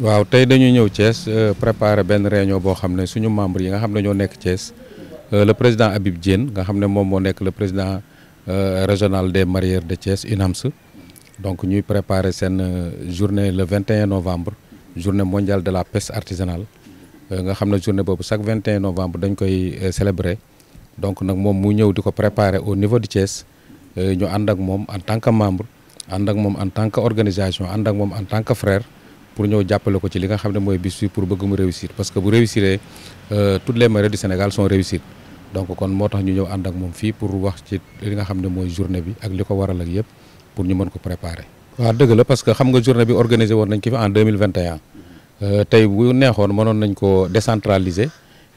waaw tey dañu ñëw Thiès euh, préparer benn réunion boo xam ne suñu membre yi nga xam ne ñoo nekk Thiès euh, le président Habib Diène nga xam ne moom moo nekk le président euh, régional des mareyeurs de Thiès UNAMS donc ñuy préparer seen journée le 21 novembre journée mondiale de la pêche artisanale nga xam ne journée boobu chaque 21 novembre dañ koy célébrer donc nag moom mu ñëw di ko préparer au niveau de Thiès ñu ànd ak moom en tant que membre ànd ak moom en tant que organisation ànd ak moom en tant que frère pour ñëw jàppale ko ci li nga xam ne mooy bis bi pour bëgg mu réussir parce que bu réussir euh, toutes les mairies du Sénégal sont réussies donc kon moo tax ñu ñëw ànd moom fii pour wax ci li nga xam ne mooy journée bi ak li ko waral ak yëpp pour ñu mën ko préparer. waaw dëgg la parce que xam nga journée bi organisé woon nañ ko fi en 2021 euh, tey bu neexoon mënoon nañ ko décentraliser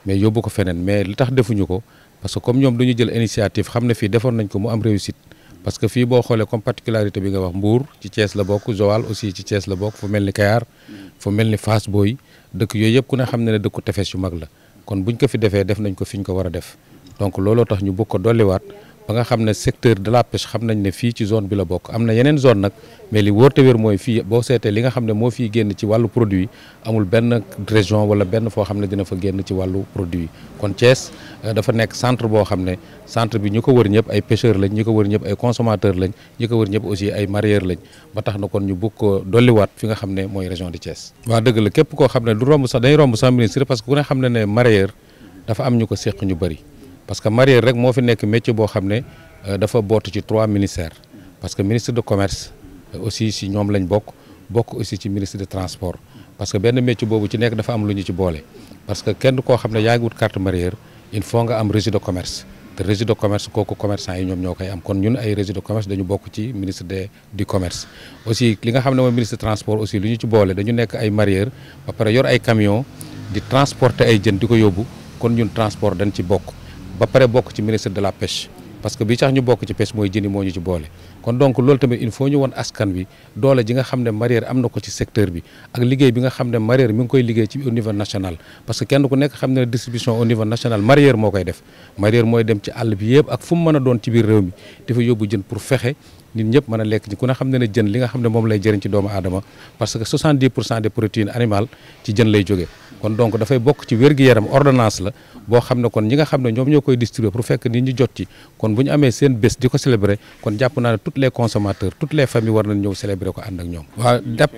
mais yóbbu ko feneen mais li tax defuñu ko parce que comme ñoom ñu jël initiative xam ne fii defoon nañ ko mu am réussite. parce que fii boo xoolee comme particularité bi nga wax Mbour ci Thiès la bokk Joal aussi ci Thiès la bokk fu mel ni Kayar fu mel ni Fass booy dëkk yooyu yëpp ku ne xam ne ne dëkku tefes yu mag la kon buñ ko fi defee def nañ ko fi ñu ko war a def donc looloo tax ñu bëgg ko dolliwaat ba nga xam ne secteur de la pêche xam nañ ne fii ci zone bi la bokk am na yeneen zone nag mais li wóor te wér mooy fii boo seetee li nga xam ne moo fii génn ci wàllu produit amul benn région wala benn foo xam ne dina fa génn ci wàllu produit kon cees euh, dafa nekk centre boo xam ne centre bi ñu ko war ñëpp ay pêcheurs lañ ñu ko wër ñëpp ay consommateurs lañ ñu ko wër ñëpp aussi ay mareyeurs lañ ba tax na kon ñu bëgg ko dolliwaat fi nga xam ne mooy région de Thiès. waa dëgg la képp koo xam ne du romb sax day romb sax ministre parce xam ne ne mareyeur dafa am ñu ko séq ñu bëri parce que mareyeur rek moo fi nekk métier boo xam ne euh, dafa boot ci trois ministères parce que ministre de commerce euh, aussi si ñoom lañ bokk bokk aussi ci ministre de transport parce que benn métier boobu ci nekk dafa am lu ñu ci boole parce que kenn koo xam ne yaa ngi wut carte mareyeur il faut nga am registre de commerce te registre de commerce kooku commerçant yi ñoom ñoo koy am kon ñun ay registre de commerce dañu bokk ci ministre de du commerce aussi li nga xam ne mooy ministre de transport lu ñu ci boole dañu nekk ay mareyeur ba pare yor ay camion di transporter ay jën di ko yóbbu kon ñun transport dañ ci bokk ba pare bokk ci ministre de la pêche parce que bi tax ñu bokk ci pêche mooy jëni moo ñu ci boole kon donc loolu tamit il faut ñu won askan ne mareyeur am na ko ci secteur bi ak nga xam ne mareyeur mi ngi koy liggéey ci au niveau national parce que kenn ku nekk xam ne distribution au niveau national mareyeur moo koy def mareyeur mooy a lekk ku ne xam ne ne li nga xam ne moom lay jëriñ ci doomu aadama parce que 70 pour dafay bokk ci wér-gi-yaram ordonnance la boo xam ne kon ñi nga xam ne ñoom ñoo koy distribuer pour fekk nit ñi jot ci kon bu ñu amee seen bés di ko célébrer kon jàpp naa ne toutes les consommateurs toutes les familles war nañ ñëw célébrer ko ànd ak ñoom. waaw dep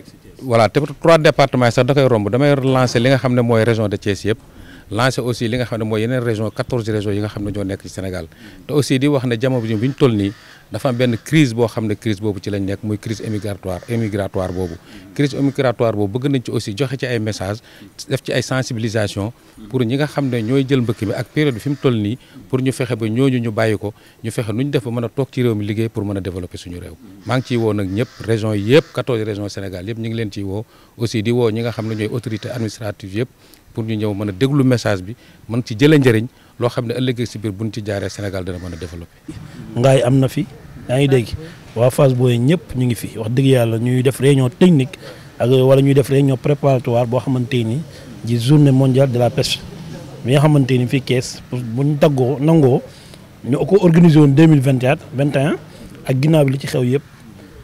voilà trois départements yi sax da romb damay lancer li nga xam ne mooy région de Thiès yëpp. lancé aussi li nga xam ne mooy yeneen région 14 régions yi ne ñoo nekk ci Sénégal te aussi di wax ne jamono bi ñu toll nii dafa am benn crise boo xam ne crise boobu ci lañ nekk muy crise émigratoire émigratoire boobu crise émigratoire boobu bëgg nañ ci aussi joxe ci ay message def ci ay sensibilisation pour ñi nga xam ne ñooy jël mbëkk mi ak période bi fi mu toll nii pour ñu fexe ba ñooñu ñu bàyyi ko ñu fexe nu ñu def ba mën a toog ci réew mi liggéey pour mën a développer suñu réew maa ngi ciy woo nag ñëpp région yëpp 14 région Sénégal yëpp ñu ngi leen ciy woo aussi di woo ñi nga xam ne ñooy autorité administrative yëpp pour ñu ñëw mën a déglu message bi mën ci jëlee njëriñ loo xam ne ëllëgee si biir bu buñ ci jaaree Sénégal dana mën a développé. ngaay am na fi yaa ngi dégg waa Fass Boye ñëpp ñu ngi fi wax dëgg yàlla ñuy def réunion technique ak wala ñuy def réunion préparatoire boo xamante ni ji journée mondiale de la pêche bi nga xamante ni fii kees bu ñu daggoo nangoo ñu ko organisé woon 2024 21 ak ginnaaw bi li ci xew yëpp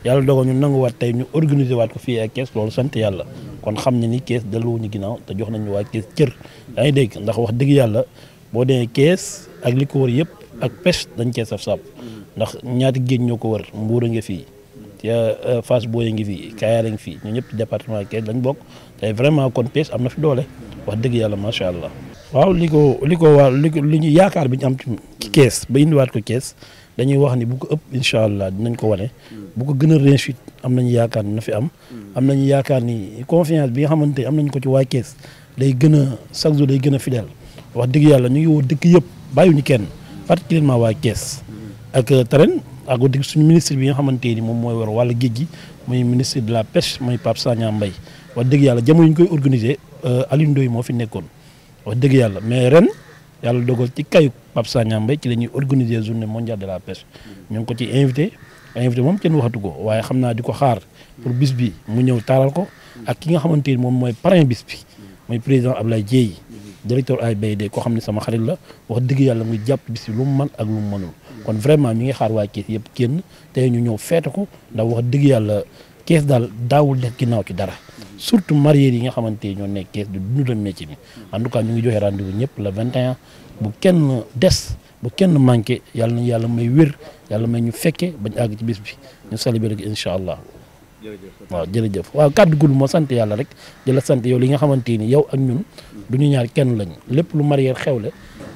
yàlla dogal ñu nanguwaat tey ñu organisé waat ko fii ak kees loolu sant yàlla. kon xam na ni kees delloo ñu ginnaaw te jox nañu waa kees cër yaa dégg ndax wax dëgg yàlla boo demee kees ak li ko wër yëpp ak pêche dañ cee saf sàpp ndax ñaati géej ñoo ko wër Mbuur a ngi fii euh, Fass Boye ngi fii Kayar ngi fii ñu ñëpp département kees dañ bokk te vraiment kon pêche am na fi doole wax dëgg yàlla macha allah. waaw li ko li ko waa li ñu yaakaar bi ñu am ci kees ba indiwaat ko kees. dañuy wax ni bu ko ëpp incha allah dinañ ko wane. bu ko gën a am nañu yaakaar ni na fi am. am nañu yaakaar ni confiance bi nga xamante am nañu ko ci waa Kees day gën a chaque jour day gën a fidèle wax dëgg yàlla ñu ngi woo dëkk yëpp bàyyiwuñu kenn particulièrement waa Kees. ak euh, taren ak dëgg suñu ministre bi nga xamante ni moom mooy war wàllu géej gi muy ministre de la pêche muy Pape Sagna Mbaye wax dëgg yàlla jamono ñu koy organiser euh, Alioune Ndoye moo fi nekkoon yàlla yàlla dogal ci kayu Pape Sagna Mbaye ci la ñuy organiser journée mondial de la pêche ñu ngi ko ci invité invité moom kenn waxatu ko waaye xam naa di ko xaar pour bis bi mu ñëw taaral ko ak ki nga xamante ni moom mooy parrain bis bi mooy président ab Ablaye ay bay AIBD koo xam ne sama xarit la wax dëgg yàlla muy jàpp bis bi lu mu man ak lu mu mënul kon vraiment ñu ngi xaar waa Kees yëpp kenn te ñu ñëw feete ko ndax wax dëgg yàlla Kees daal daawul def ginnaaw ci dara surtout marié yi nga xamante ñoo nekk kees di dundal métier bi en tout cas ñu ngi joxe rendez-vous ñëpp le 21 bu kenn des bu kenn manqué yàlla na yàlla may wér yàlla may ñu fekke bañ àgg ci bis bi ñu célébrer ko incha allah waaw jërëjëf waaw kàddu gudd moo sant yàlla rek di la sant yow li nga xamante ni yow ak ñun du ñu ñaar kenn lañ lépp lu marié xewle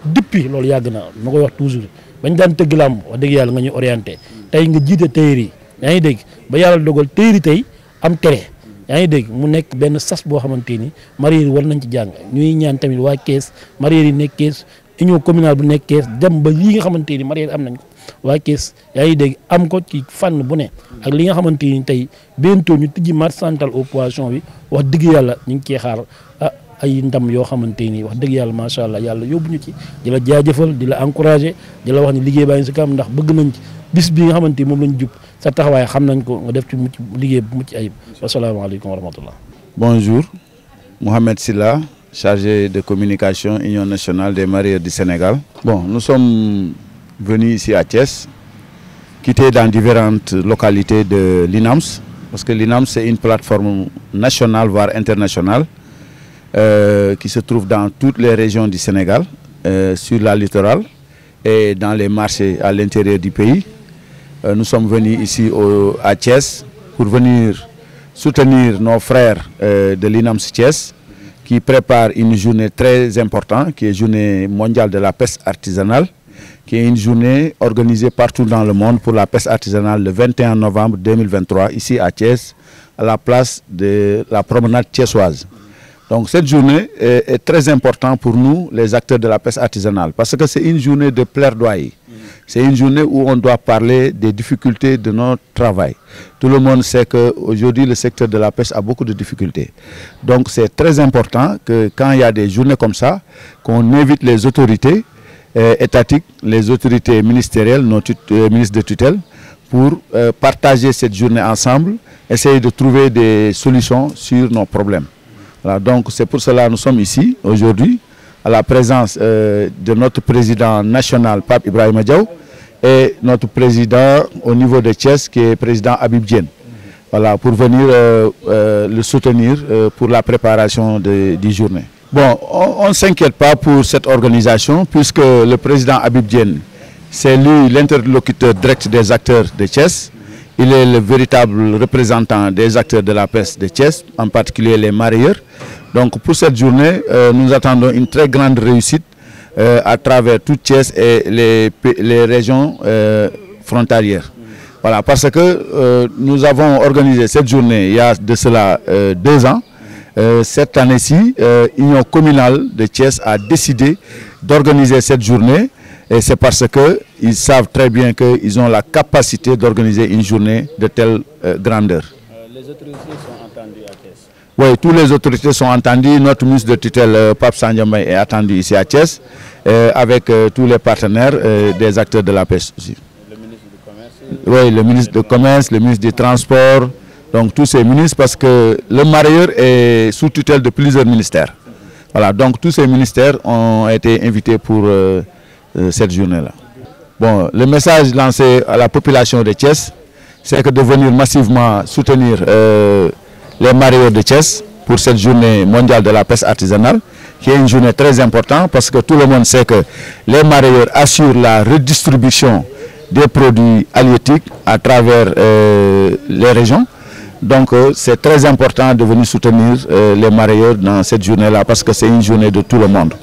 depuis loolu yàgg na ma ko wax toujours bañ daan tëgg làmb wax dëgg yàlla nga ñuy orienté tey nga jiite téeri yaa ngi dégg ba yaa ngi dégg mu nekk benn sas boo xamante ni mareyeur yi war nañ ci jàng ñuy ñaan tamit waa kees mareyeur yi nekk kees union communale bu nekk kees dem ba lii nga xamante ni mareyeur am nañ ko waa kees yaa ngi dégg am ko ci fànn bu ne ak li nga xamante ni tey bientôt ñu tijji marché central au poisson bi wax dëgg yàlla ñu ngi cee xaar ah ay ndam yoo xamante ni wax dëgg yàlla macha allah yàlla yóbbu ñu ci di la jaajëfal di la encouragé di la wax ni liggéey baa ngi si kanam ndax bëgg nañ ci bis bi nga xamante ni moom lañ jub sa taxawaay xam nañ ko nga def ci mucc liggéey bu mucc ayib wasalaamaaleykum wa rahmatullah bonjour Mohamed Silla chargé de communication Union nationale des mareyeurs du Sénégal bon nous sommes venus ici à Thiès quittés dans différentes localités de l'INAMS parce que l'INAMS c'est une plateforme nationale voire internationale euh, qui se trouve dans toutes les régions du Sénégal euh, sur la littorale et dans les marchés à l'intérieur du pays Euh, nous sommes venus ici au, à Thiès pour venir soutenir nos frères euh, de l'INAMS Thiès qui prépare une journée très importante, qui est journée mondiale de la peste artisanale, qui est une journée organisée partout dans le monde pour la peste artisanale le 21 novembre 2023, ici à Thiès, à la place de la promenade thiessoise. Donc cette journée est, est très importante pour nous, les acteurs de la peste artisanale, parce que c'est une journée de plaidoyer. C'est une journée où on doit parler des difficultés de notre travail. Tout le monde sait qu'aujourd'hui, le secteur de la pêche a beaucoup de difficultés. Donc, c'est très important que quand y a des journées comme ça, qu'on invite les autorités euh, étatiques, les autorités ministérielles, nos euh, ministres de tutelle, pour euh, partager cette journée ensemble, essayer de trouver des solutions sur nos problèmes. Voilà, donc c'est pour cela que nous sommes ici aujourd'hui à la présence euh, de notre président national, Pape Ibrahim Diaw, et notre président au niveau de Thiès, qui est président Habib Diène. Voilà, pour venir euh, euh, le soutenir euh, pour la préparation des de journées. Bon, on ne s'inquiète pas pour cette organisation, puisque le président Habib Diène, c'est lui l'interlocuteur direct des acteurs de Thiès. Il est le véritable représentant des acteurs de la pêche de Thiès, en particulier les marieurs. Donc pour cette journée, euh, nous attendons une très grande réussite euh, à travers toute Thiès et les, les régions euh, frontalières. Voilà, parce que euh, nous avons organisé cette journée il y a de cela euh, deux ans. Euh, cette année-ci, union communale de Thiès a décidé d'organiser cette journée et c'est parce qu'ils savent très bien qu'ils ont la capacité d'organiser une journée de telle grandeur. les autorités les autorités sont entendues. Notre ministre de tutelle, euh, Pape Sandiamay, est attendu ici à Thiès, euh, avec euh, tous les partenaires euh, des acteurs de la pêche Le ministre du Commerce le ministre du Commerce, des Transports, donc tous ces ministres, parce que le marior est sous tutelle de plusieurs ministères. Voilà, donc tous ces ministères ont été pour cette journée-là. le message lancé à la population de Thiès, c'est que de venir massivement soutenir euh, les marieurs de Thiès pour cette journée mondiale de la pêche artisanale, qui est une journée très importante parce que tout le monde sait que les marieurs assurent la redistribution des produits halieutiques à travers euh, les régions. Donc euh, c'est très important de venir soutenir euh, les marieurs dans cette journée-là parce que c'est une journée de tout le monde.